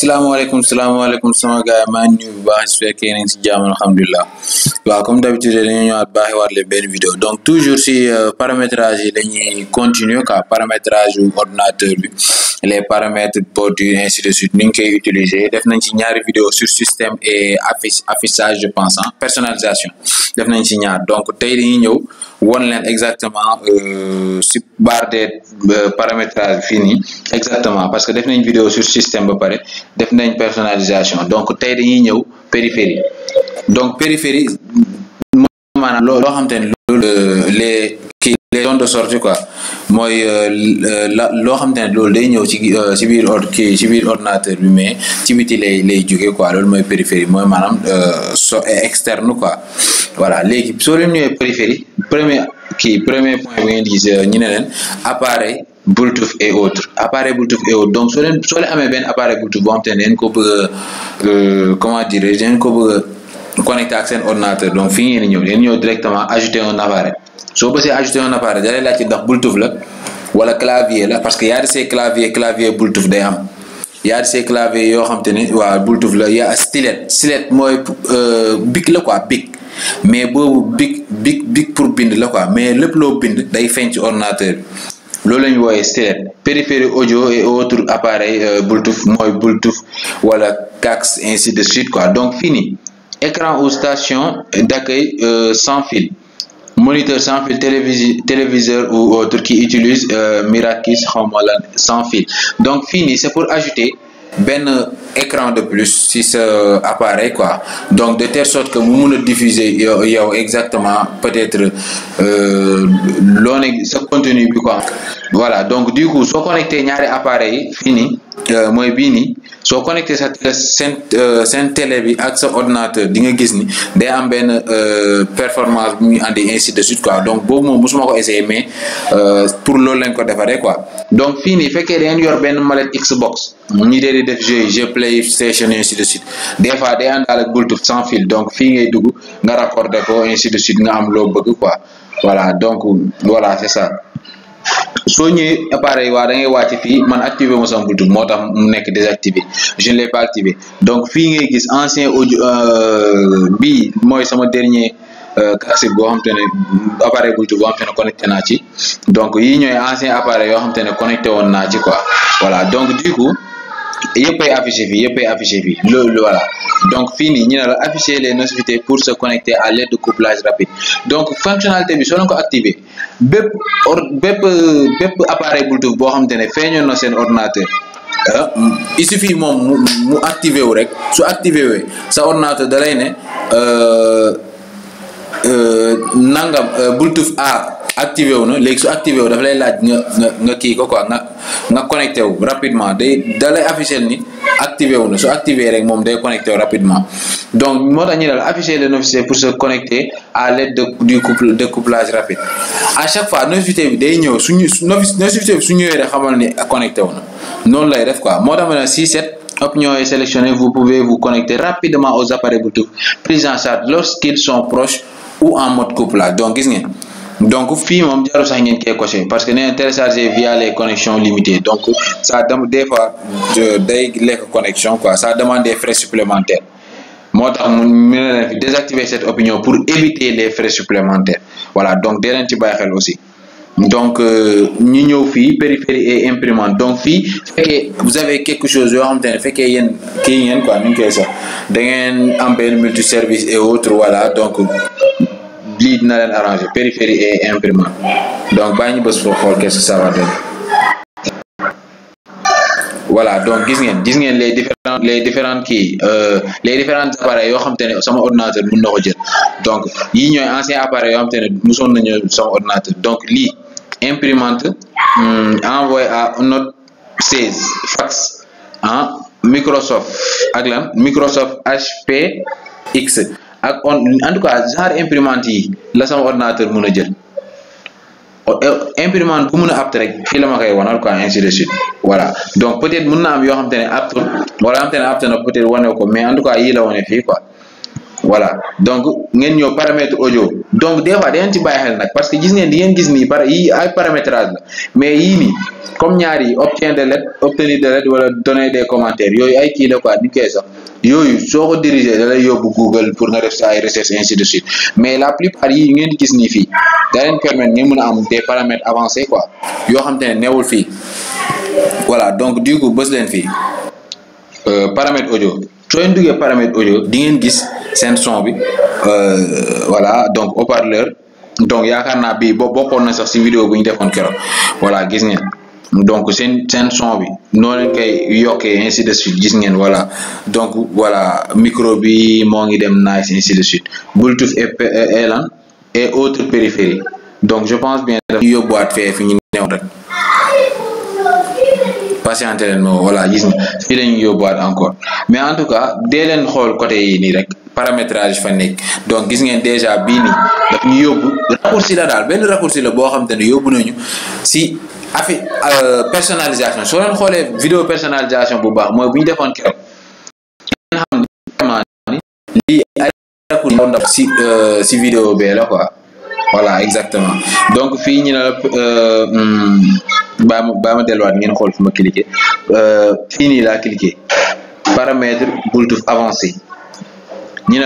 sama alaikum baax ne si comme d'habitude vidéo donc toujours si euh, paramétrage yi dañuy continuer quoi paramétrage ordinateur les paramètres salam. ainsi de suite ni ñu koy utiliser def nañ ci vidéo sur système et affichage je pense hein. personnalisation def nañ ci ñaar donc on line exactement euh, si barre des euh, paramétrage fini, exactement parce que def une vidéo sur système ba paré def une personnalisation donc tay dañuy périphérie donc périphérie moi, xam le euh, les qui les zones de sortie quoi moy day les ci ci biir ordinateur mais ci biti quoi périphérie moi, euh, so externe quoi voilà l'équipe, sur leen périphérie premier qui premier point que ngeen di gis euh, appareil Bluetooth et autres appareil Bluetooth et autres donc soo leen soo leen amee appareil Bluetooth vont tenir une ne ko euh, comment dire je ko bëgg ordinateur donc finir ngeen di ñëw directement ajouter un appareil soo bësee ajouter un appareil da lay dans ci là Bluetooth la wala clavier la parce que y a see claviers clavier des day am Il y a clavier claviers xam te ne waaw Bluetooth la a stylet stylet euh, bic le quoi bic mais bon big big big pour bind la quoi mais le plus bind day feeñ ordinateur bi. loolu la ñu périphérie audio et autres appareils euh, Bluetooth mooy Bluetooth wala CAX ainsi de suite quoi donc fini. écran ou station d'accueil euh, sans fil moniteur sans fil téléviseur ou autre qui utilise euh, Miraculous xawma sans fil donc fini, c'est pour ajouter ben écran de plus si ce appareil quoi donc de telle sorte que vous diffusez, diffuser exactement peut-être ce euh, contenu voilà donc du coup soit connecté à appareil fini euh, moi je soo connecté sa seen euh, seen télé bi ak sa ordinateur di nga gis ni day am benn euh, performance bu muy andi ainsi de suite quoi donc boobu moom mosuma ko essayé mais euh, pour loolu lañ ko defaree quoi donc fii nii fekkee da yor benn mallette Xbox ñi dee di def jeu jeu PlayStation ainsi de suite des fois day àndaal ak Bluetooth sans fil donc fii ngay dugg nga raccordé ko ainsi de suite nga am loo bëgg quoi voilà donc voilà c'est ça soo appareil wa da ngay wàcc fi man activer ma sama bluetooth moo mu nek désactivé je ne l'ai pas activé donc fi ngay gis ancien audio euh, bi moy sama dernier kasit euh, bo xam appareil bluetooth bo xam te ne connecté naa ci donc yi ñoy ancien appareil yo xam te ne connecté woon naa ci quoi voilà donc du coup yëpp ay affiché fii yëpp ay affiché fii loolu donc fii nii ñu ne la afficher les notifications pour se connecter à l'aide de couplage rapide donc fonctionnalité bi soo leen ko activé bépp or bépp bépp appareil Bluetooth boo xamante ne feeñoon na seen ordinateur ah il suffit moom mu mu activé wu rek su activé wee sa ordinateur da lay ne euh, euh, nangam euh, Bluetooth A. activé ou non léegi activé wu dafa lay laaj nga nga quoi nga nga connecté rapidement day d'aller afficher ni activé wu na su activé rek moom day connecté rapidement donc moo tax ñu afficher les pour se connecter à l'aide de du couple de couplage rapide à chaque fois notification bi day ñëw suñu nous bi su ñëwee rek xamal ni connecté non na noonu lay def quoi moo tax si 6 est sélectionnée vous pouvez vous connecter rapidement aux appareils Bluetooth pris en charge lorsqu'ils sont proches ou en mode couplage donc gis ngeen donc, film, on dirait que parce que nous téléchargé via les connexions limitées. Donc, ça demande des fois les connexions, quoi. Ça demande des frais supplémentaires. Moi, je désactiver cette opinion pour éviter les frais supplémentaires. Voilà, donc, derrière, tu aussi. donc euh, ñu ñëw fi périphérie et imprimante donc fii vous avez quelque chose vous avez ne fekkee vous avez ngeen quoi ñu et autres voilà donc lii n'a rien arrangé périphérie et imprimant donc bàyyi il bës foofu xool qu'est-ce que ça va donner voilà donc gis ngeen gis ngeen les différents les différentes kii euh, les différents appareils yoo xam te ne sama ordinateur mun na ko jël donc yii ñooy ancien appareil yoo xam te ne nañu sama ordinateur donc lii imprimante hmm, envoyé à note 16 fax hein, Microsoft ak Microsoft HP X ak on en tout cas genre imprimante yi la sama ordinateur mun a jël eh, imprimante bu mun a apte rek fii la ma koy wanal quoi ainsi de suite voilà donc peut être mun na am yoo xamante ne apte wala xamante ne apte na peut être wane ko mais en tout cas yii la wane fii quoi donc ngeen ñëw paramètre audio donc des fois da ngeen ci bàyyi parce que gis ngeen di ngeen gis nii par yii ay paramétrage la mais yii nii comme ñaar yi obtenir des obtenir des lettres wala donner des commentaires yooyu ay kii la quoi ni koy yooyu soko diriger da lay yóbbu Google pour nga def sa ay recherche ainsi de suite mais la plupart yi ngeen gis ni fi da leen permettre ngeen mën am des paramètres avancés quoi Yo, xam te newul fi voilà donc du coup len fi euh, paramètre audio soo leen duggee paramètre audio di ngeen gis sen son bi euh, voilà donc haut-parleur donc yaakaar naa bii boo bokkoon na sax si vidéo bu ñu defoon keroog voilà gis ngeen donc c'est une son bi et ainsi de suite voilà donc voilà microbi bi nice ainsi de suite bluetooth et et autres périphériques. donc je pense bien que vous yóbbuwaat fini fi ñu neew voilà gis nga fi la encore mais en tout cas dee len xol côté yi ni rek paramétrage fa donc déjà bii nii daf ñu raccourci la dal ben raccourci la bo xam tane si euh, personnalisation so vidéo personnalisation bu baax moy je vais si vidéo quoi voilà exactement donc vous ñu la Bluetooth avancé nous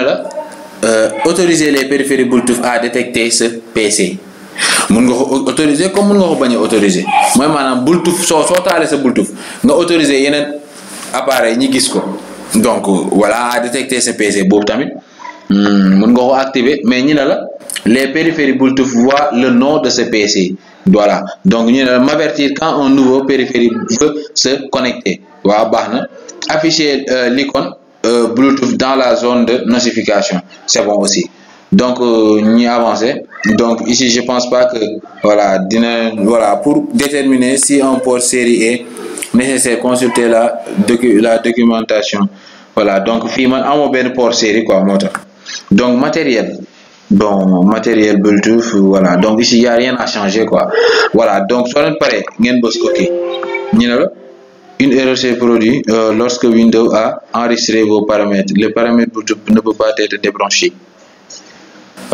euh, avons autoriser les périphériques Bluetooth à détecter ce PC Mon nga autoriser comme vous nga ko bañ autoriser mooy Bluetooth soo soo taalee sa Bluetooth nga autoriser un appareil ñi donc voilà à détecter ce PC Vous tamit hmm, mun activer mais nous avons les périphériques Bluetooth voient le nom de ce PC voilà donc nous ne m'avertir quand un nouveau périphérique veut se connecter afficher euh, l'icône euh, Bluetooth dans la zone de notification. C'est bon aussi. Donc, ni euh, avancé Donc, ici, je pense pas que, voilà, voilà, pour déterminer si un port série est nécessaire, consulter la, la documentation. Voilà, donc, on a mobile port série, quoi, Donc, matériel. Bon, matériel Bluetooth, voilà. Donc, ici, il n'y a rien à changer, quoi. Voilà, donc, soit pareil, il y a une erreur s'est produite euh, lorsque Windows a enregistré vos paramètres. Les paramètres ne peuvent pas être débranché.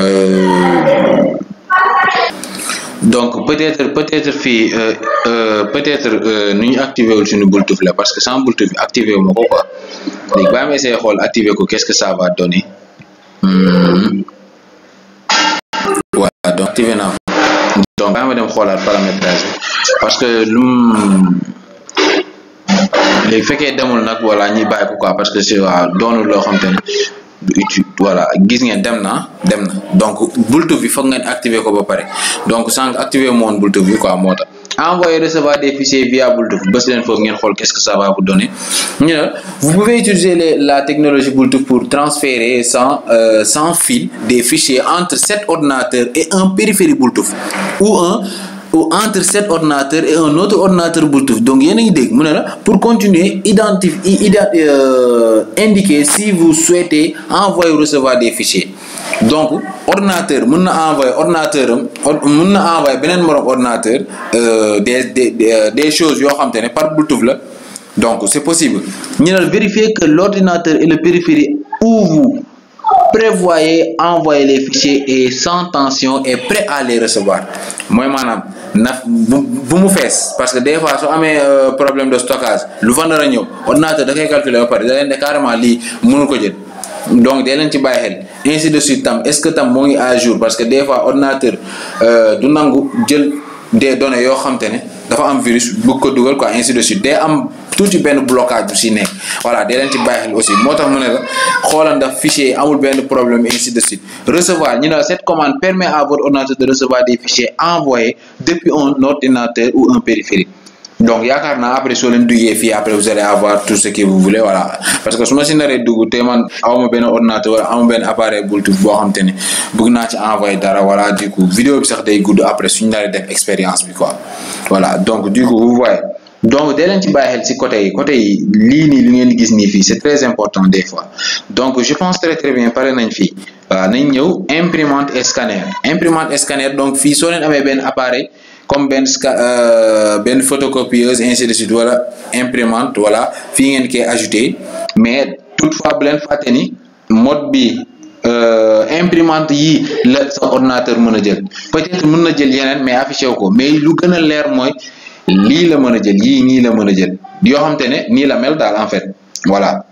Euh, donc peut-être peut-être euh, peut-être nous activons activé le Bluetooth parce que sans Bluetooth activer activé wu quoi Donc, ba on activer activé qu'est-ce que ça va donner hmm. voilà donc activé viens donc on va paramétrage parce que nous faits qui demul nag voilà ni bàyyi pourquoi parce que c'est à donner leur contenu voilà gis ngeen demna donc Bluetooth bi foog activer ko ba donc sans activer mon bultu bi quoi moo envoyer recevoir des fichiers via Bluetooth bës leen foofu ngeen qu'est-ce que ça va vous donner ñu vous pouvez utiliser la technologie Bluetooth pour transférer sans euh, sans fil des fichiers entre cet ordinateur et un périphérique Bluetooth ou un ou entre cet ordinateur et un autre ordinateur Bluetooth donc il y a une idée. pour continuer identif euh, indiquer si vous souhaitez envoyer ou recevoir des fichiers donc ordinateur vous envoie envoyer ordinateur envoyer ordinateur euh, des des des euh, choses par Bluetooth donc c'est possible Vérifiez vérifier que l'ordinateur et le périphérique où vous prévoyez envoyer les fichiers et sans tension et prêt à les recevoir Moi madame, vous bu faites parce que des fois su euh, un problème de stockage le vendeur nar a de ordinateur da calculer ba pare da carrément li mënu ko donc dee ci ainsi de suite est-ce que tam as moins à jour parce que des fois ordinateur euh, du nangu des données yoo xam te dafa virus beaucoup de quoi ainsi de suite un am tuuti benn blocage du cinéma voilà dee leen ci aussi motax tax Roland ne la xoolal ndax fichier amul ben problème ainsi de suite recevoir ñu cette commande permet à votre ordinateur de recevoir des fichiers envoyés depuis un ordinateur ou un périphérique donc y a après so len duyé fi après vous allez avoir tout ce que vous voulez voilà parce que si naree dugg té man awma ben ordinateur wala ben appareil Bluetooth bo xam te bëgg ci envoyé dara voilà du coup vidéo bi sax day gudd après suñu def expérience bi quoi voilà donc du coup vous voyez donc dès leen ci bàyyi ci côté côté yi lii nii c'est très important des fois donc je pense très très bien par nañ fii waaw euh, nañ imprimante et scanner imprimante et scanner donc fii soo leen appareil comme euh, ben photocopieuse ainsi de suite Voilà, imprimante voilà fii ngeen koy ajouté mais toutefois bu leen fàtte ni mode bi euh, imprimante yi le sa ordinateur mën peut-être mën jël mais affiché quoi. mais lu gën a leer L'île, la manager, ni jël yi ni la mën jël la mel dal en fait voilà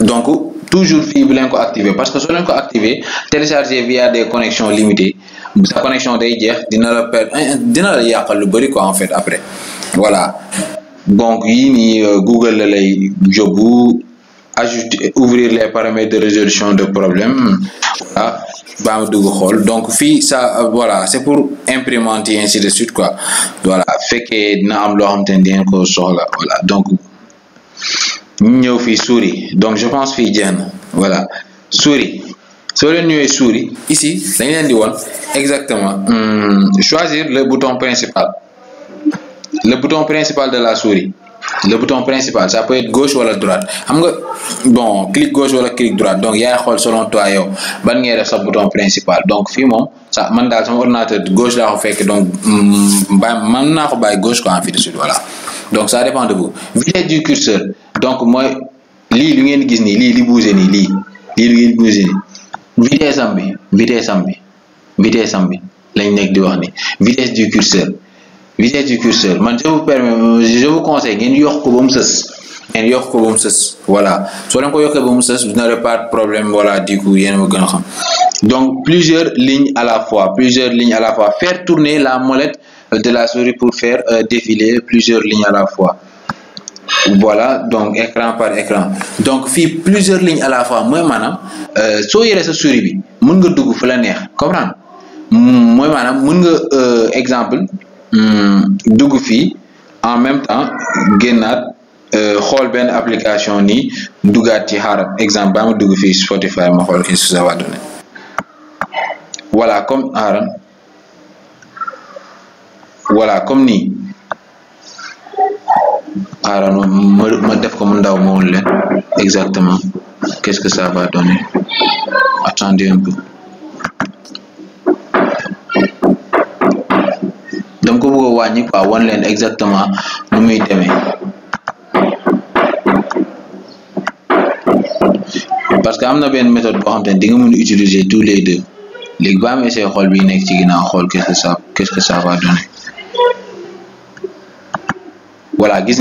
donc toujours fibre bu ko activer parce que soo leen ko activer télécharger via des connexions limitées sa connexion day jeex dina la eh, eh, dina la lu bari quoi en fait après voilà donc yi ni euh, Google la lay ouvrir les paramètres de résolution de problème voilà donc ça euh, voilà c'est pour imprimer ainsi de suite quoi voilà fait voilà donc nous souris donc je pense que voilà souris sur souris ici exactement hmm, choisir le bouton principal le bouton principal de la souris le bouton principal ça peut être gauche wala droite xam nga bon clic gauche wala clic droite donc yaay xool selon toi yo ban ngay def sa bouton principal donc fii mon sa man dal, sama ordinateur gauche là ko fekk donc mm, man na ko bay gauche quoi ainsi de suite voilà donc ça dépend de vous vitesse du curseur donc moi li lu ngeen gis nii li li bougé ni li li lu ngeen bougé nii vitesse ambi vitesse ambi vitesse ambi bi lañ nekk di wax ni vitesse du curseur visée du curseur man je vous permets je vous conseille une yokk ko ba mu sës voilà Soit vous ko vous n'aurez pas de problème voilà du coup il a a xam donc plusieurs lignes à la fois plusieurs lignes à la fois faire tourner la molette de la souris pour faire euh, défiler plusieurs lignes à la fois voilà donc écran par écran donc fii plusieurs lignes à la fois moi si vous avez sa souris vous pouvez nga un fu la neex comprendre moi maintenant mon euh, exemple Hmm, dugg en même temps génnaat euh, xol ben application ni duggaat ci xaaral exemple ba ma dugg fii Spotify ma xool Insusa Wadone voilà comme Aran. voilà comme ni. xaaral ma ma def ko mu ndaw mo exactement qu'est-ce que ça va donner attendez un peu Donc, vous bëgg a pas quoi wan exactement nous muy parce que y a une méthode pour xam utiliser tous les deux les ba am essayé xool bi nekk qu'est-ce que ça qu'est-ce que ça va donner voilà gis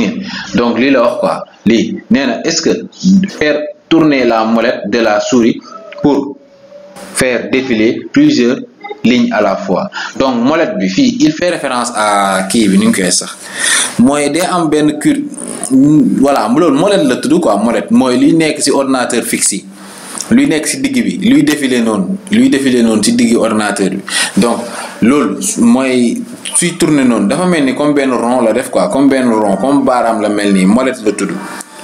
que. donc les la quoi est-ce que faire tourner la molette de la souris pour faire défiler plusieurs ligne à la fois donc molette bi fi, il fait référence à qui est venu que ça moi mooy un am benn cure voilà loolu molette la tout quoi molette mooy n'est nekk ci ordinateur fixe lui n'est nekk ci digg bi luy lui défile luy non, noonu ci digg ordinateur donc moi, mooy suy tourné non dafa mel ni comme ben rond la def quoi comme ben rond comme baram la melni, nii molette la tudd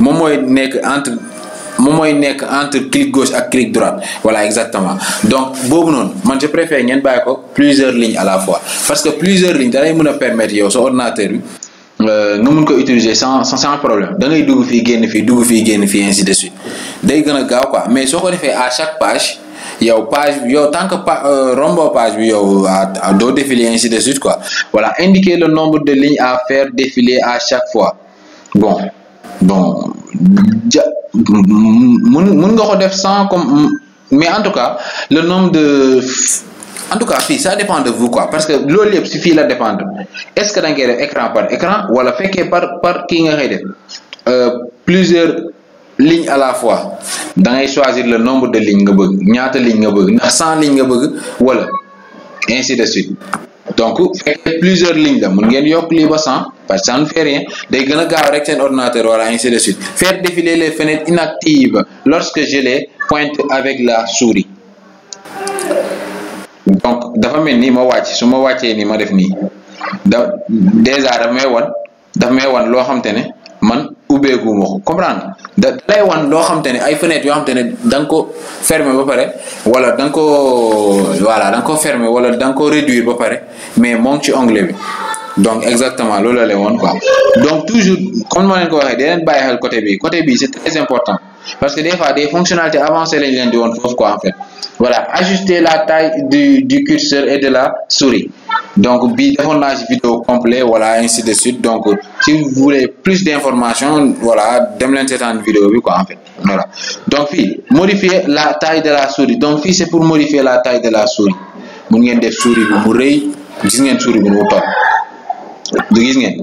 moi n'est que entre moment il entre clic gauche à clic droit voilà exactement donc bon non man je préfère ngeen bàyyi plusieurs lignes à la fois parce que plusieurs lignes ça me permettre yow ordinateur Euh, nous mun utiliser sans sans problème da ngay dugg fii génn fii dugg fii génn ainsi de suite day gën quoi mais ce qu'on fait à chaque page. yow page y yow tant que pa euh, rombo page bi yow deux défiler ainsi de suite quoi voilà indiquer le nombre de lignes à faire défiler à chaque fois bon bon ja mën nga ko def sans comme mais en tout cas le nombre de en tout cas ça dépend de vous quoi parce que loolu yëpp si fii la dépendre est-ce que da nga def écran par écran wala fekkee par par kii nga koy def euh, plusieurs lignes à la fois da ngay choisir le nombre de lignes nga bëgg ñaata lignes nga bëgg ndax cent lignes nga bëgg wala ainsi de suite donc fekkee plusieurs lignes la mun ngeen yokk lii ba cent parce ça ne fait rien Des gën a gaaw rek ordinateur voilà, ainsi de suite faire défiler les fenêtres inactives lorsque je les pointe avec la souris donc d'abord mel ni ma je me watch, wàccee ni ma def nii déjà dafa may wan loi may wan man oubé ma comprendre da lay wan lo xam te ay fenêtres yo xam te fermer ba paré wala voilà d'un ko fermer wala d'un réduire ba mais mon ci bi donc exactement lola la lay quoi donc toujours comme je leen ko waxee côté bi côté bi c'est très important parce que des fois des fonctionnalités avancées les liens de won quoi en fait voilà ajuster la taille du du curseur et de la souris donc bi defoon vidéo complet voilà ainsi de suite donc si vous voulez plus d'informations voilà dem moi en vidéo quoi en fait voilà donc fi modifier la taille de la souris donc fi c'est pour modifier la taille de la souris Vous avez des souris vous mu vous gis des souris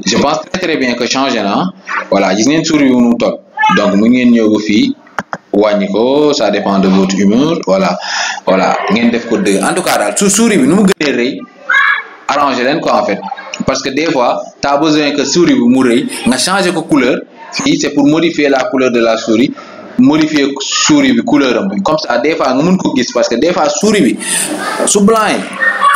je pense très bien que changer là, voilà je ngeen tur bi top, toog donc vous ngeen pas pas le wàññi ça dépend de votre humeur voilà voilà def ko en tout cas daal le souris bi vous mu arrangez rëy quoi en fait parce que des fois tu besoin que souris bi vous rëy nga changer ko couleur c'est pour modifier la couleur de la souris modifier souris bi couleur souris. comme ça des fois nga nous ko parce que des fois souris bi blanc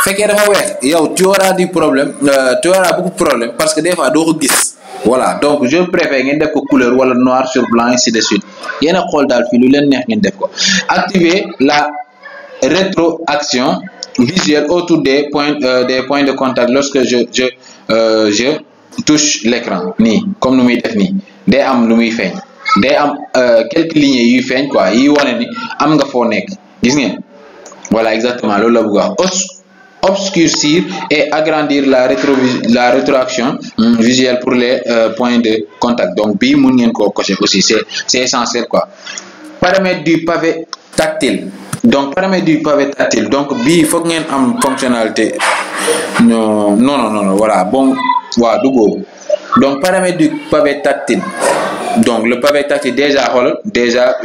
fekkee dafa weex yow tu auras du problème euh, tu auras beaucoup de problème parce que des fois doo ko gis voilà donc je préfère ngeen def ko couleur wala noir sur blanc ainsi de suite yéen a xool daal fii lu leen neex ngeen def ko activer la rétroaction visuelle autour des points euh, des points de contact lorsque je je euh, je touche l'écran nii comme nu muy def nii day am lu muy feeñ day am euh, quelques lignes yuy feeñ quoi yi wane ni am nga foo nekk gis ngeen voilà exactement loolu la bëgg wax obscurcir et agrandir la, rétro, la rétroaction hum, visuelle pour les euh, points de contact. Donc, bi, aussi, c'est essentiel quoi. Paramètre du pavé tactile. Donc, paramètres du pavé tactile. Donc, bi, il faut que une fonctionnalité. Non, non, non, non, voilà. Bon, voilà, double. Donc, paramètre du pavé tactile. Donc, le pavé tactile, déjà, déjà,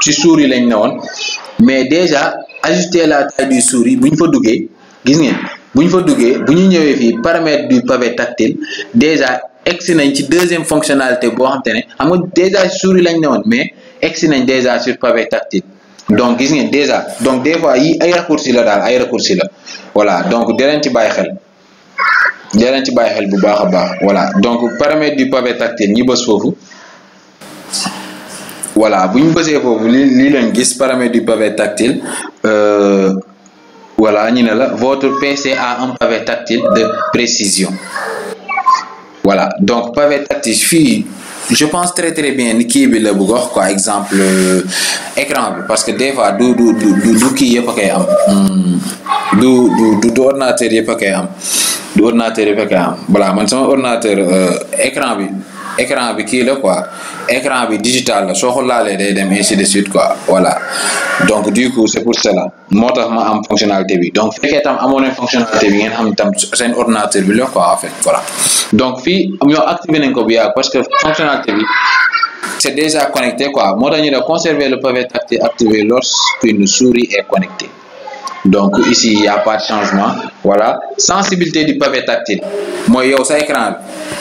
tu souris les mais déjà ajuster la taille du souris buñ fa duggé gis ngeen buñ fa duggé bu ñëwé fi paramètres paramètre du pavé tactile déjà egsi nañ ci deuxième fonctionnalité bo xam xam nga déjà souris lañ néwon mais egsi nañ déjà sur pavé tactile donc gis ngeen déjà donc des fois yi ay raccourci la dal ay raccourci la voilà donc dee leen ci bay xel dee leen ci bay xel bu baax baax voilà donc paramètre du pavé tactile ñi bëss fofu voilà vous ne pouvez pas vous du pavé tactile euh, voilà votre PC a un pavé tactile de précision voilà donc pavé tactile je pense très très bien ni est exemple euh, écran parce que des fois du du du du du hmm. du du ordinateur a am ordinateur voilà euh, écran écran bi kii la quoi écran bi digital la soo ko laalee day dem ainsi de suite quoi voilà donc du coup c'est pour cela motax ma am fonctionnalité bi donc fekkee tam amone fonctionnalité bi ngeen xam tam sen ordinateur bi la quoi en fait voilà donc fi ñoo activé nañ ko bu parce que fonctionnalité bi c'est déjà connecté quoi moo ñu conserver le pavé tactile activé lorsqu'une souris est connectée donc ici il n'y a pas de changement voilà sensibilité du pavé tactile Moi, yo, ça écran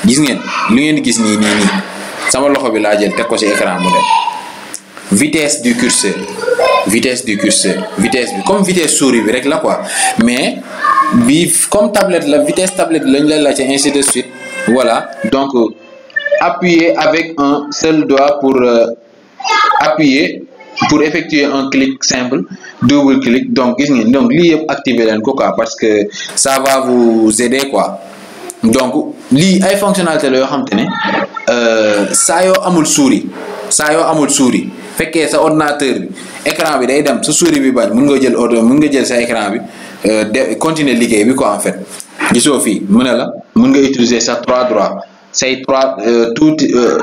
bi gis ngeen lu ngeen gis nii nii nii sama loxo bi laa jël teg ko ci écran modèle vitesse du curseur vitesse du curseur vitesse comme vitesse souris bi rek la quoi mais comme tablette la vitesse tablette lañ la ainsi de suite voilà donc appuyer avec un seul doigt pour euh, appuyer pour effectuer un clic simple double clic donc donc l'i activer leen quoi parce que ça va vous aider quoi donc l'i, ay fonctionnalité lo yoo xam te ne euh, saa yoo amul souris Ça yo amul souris fekkee sa ordinateur écran bi day dem sa souris bi ba mun nga jël ordre mun nga jël sa écran bi euh continuer bi quoi en fait gisoo fi mu ne la mun nga utiliser sa trois droits Ces trois euh, tout euh,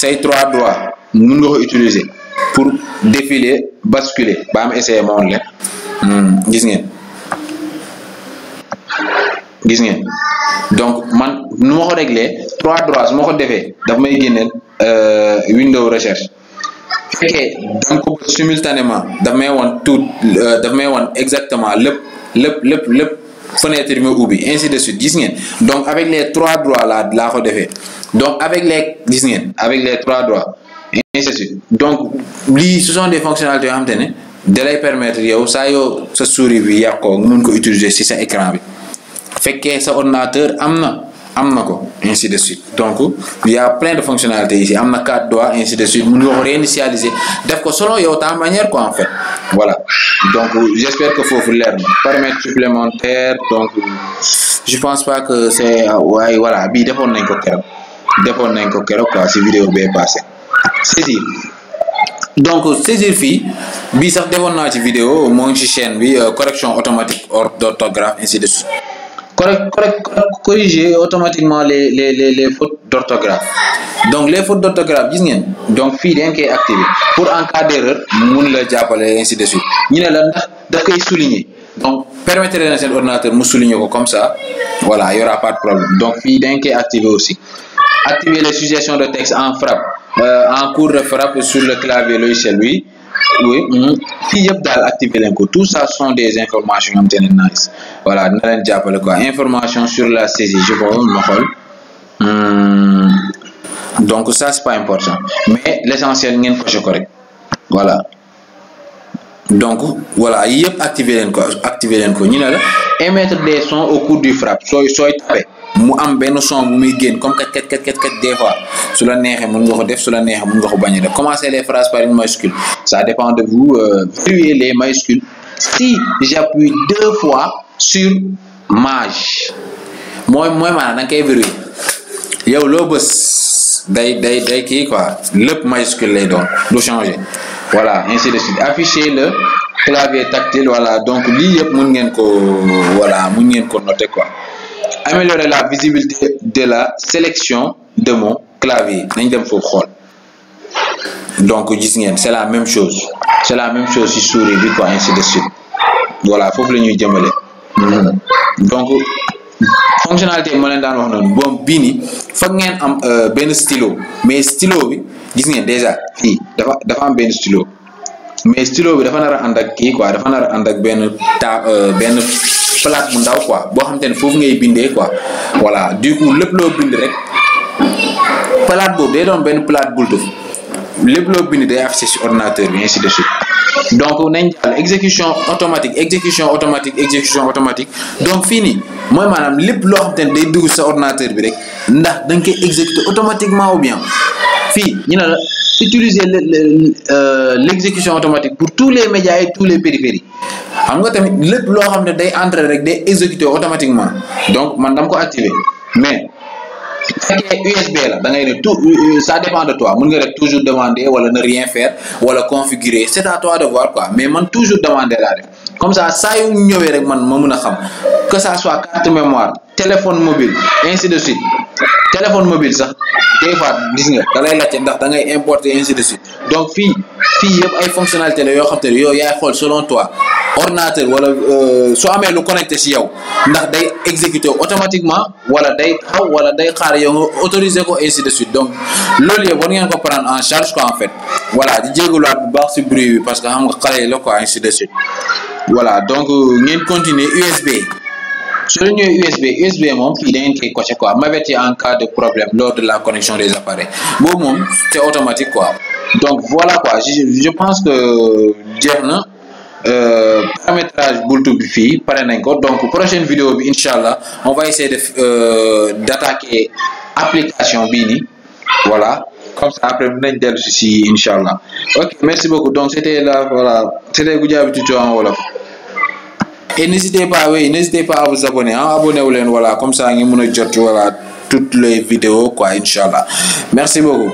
say trois droits mun nga ko utiliser pour défiler basculer ba am essayer mon woon leen hmm, donc man nous avons réglé trois droits nous avons ko defee daf may euh, window recherche ok, donc simultanément daf may woon tout euh, may exactement le le le le fenêtre bi ma ainsi de suite disney donc avec les trois droits là, la ko donc avec les disney avec les trois droits ainsi de suite donc ce sont des fonctionnalités que xam te ne de permettre ça saa yoo sa souris bi yàqoo nga mën ko utiliser sur cet écran bi que sa ordinateur amna, amnako ainsi de suite donc il y a plein de fonctionnalités ici amna na quatre doigts ainsi de suite nous nga ko réinitialiser def ko selon yow ta manière quoi en fait voilà donc j'espère que vous l'avez permettre supplémentaire. supplémentaires donc je pense pas que c'est ah, ouais voilà bi, defoon nañ ko keroog defoon nañ ko si quoi vidéo bien passé saisir donc saisir fii bi sax defoon naa ci vidéo mon ngi ci chaîne bi euh, correction automatique d'orthographe ainsi de suite corriger automatiquement les les les les fautes d'orthographe donc les fautes d'orthographe gis ngène donc fi da qui est activé. pour en cas d'erreur mun la jàppale ainsi de suite ñu la ndax daf kay souligner donc permettre à cet ordinateur de souligner comme ça voilà il y aura pas de problème donc fi da qui est activé aussi activer les suggestions de texte en frappe euh, en cours de frappe sur le clavier c'est lui oui mhm. il yeb dal activer l'inco tout ça sont des informations am nice voilà na leen dit, quoi information sur la saisie je boobu ma hmm. donc ça c'est pas important mais l'essentiel ngeen de ko correct voilà donc voilà yeb activé leen activer activé l'inco ko émettre des sons au cours du frappe soyez soit tapé mu am benn son bu muy génn comme kat kat kat kat kat des fois su la neexee mën nga ko def su la neexee mën nga ko bañ a def commencez les phrases par une majuscule ça dépend de vous euh, fuyez les majuscules si j'appuie deux fois sur maj mooy mooy maanaam da nga koy verrouiller yow loo bës day day day kii quoi lépp majuscule lay doon du changer voilà ainsi de suite affichez le clavier tactile voilà donc lii yëpp mun ngeen ko voilà mun ngeen ko noter quoi améliorer la visibilité de la sélection de mon clavier donc c'est la même chose c'est la même chose si souris vite quoi ainsi de suite voilà faut la ñuy jëmale donc fonctionnalité je vais vous wax bon il faut que ngeen am un euh, stylo mais stylo bi gis déjà fii dafa dafa am stylo mais stylo bi dafa que a ànd un stylo. quoi dafa nar a ànd ak benn ta euh, plate bu ndaw quoi boo xamante ne foofu ngay bindee quoi voilà du coup lépp loo bind rek plate boobu day doon benn plate Bluetooth lépp loo bind day affiché ci ordinateur bi ainsi de suite donc nañ jàll exécution automatique exécution automatique exécution automatique donc fii ni mooy maanaam lépp loo xamante ne day dugg sa ordinateur bi rek ndax da nga koy exécuter automatiquement ou bien fii la utiliser le euh, l'exécution automatique pour tous les médias et tous les périphéries xam nga tamit lépp loo xam ne day entrer rek day exécuter automatiquement donc man dama ko activer mais fekkee USB la da ngay ne tout euh, euh, ça dépend de toi mun nga def toujours demander wala ne rien faire wala configurer c'est à toi de voir mais man toujours demander laa def comme ça saa yu ñëwee rek man ma mun a xam que ça soit carte mémoire téléphone mobile ainsi de suite téléphone mobile sax des fois gis nga da lay ndax da ngay importer ainsi de suite donc fii fi yëpp ay fonctionnalité la yoo xam te ne yoo yaay xool selon toi ordinateur wala euh, soo amee lu connecté si yow ndax day exécuté automatiquement wala day xaw wala day xaar yow nga autorisé ko ainsi de suite donc loolu yëpp war ngeen ko prendre en charge quoi en fait voilà di jégaluwaat bu baax si bruit bi parce que xam nga xale de suite. voilà donc euh, nous continuer USB Sur le USB USB mon fii da quoi, quoi m'avertir en cas de problème lors de la connexion des appareils Bon, c'est automatique quoi donc voilà quoi je je pense que jeex euh, paramétrage Bluetooth bi par un nañ donc prochaine vidéo inshallah, on va essayer de euh, d'attaquer application Bini. voilà. comme ça après vous dellu pas inshallah. ok merci beaucoup donc c'était là, voilà c'était Goudia Tutu en voilà. Et n'hésitez pas, oui, n'hésitez pas à vous abonner. Hein? Abonnez-vous, voilà, comme ça, vous pouvez toutes les vidéos, quoi, Inch'Allah. Merci beaucoup.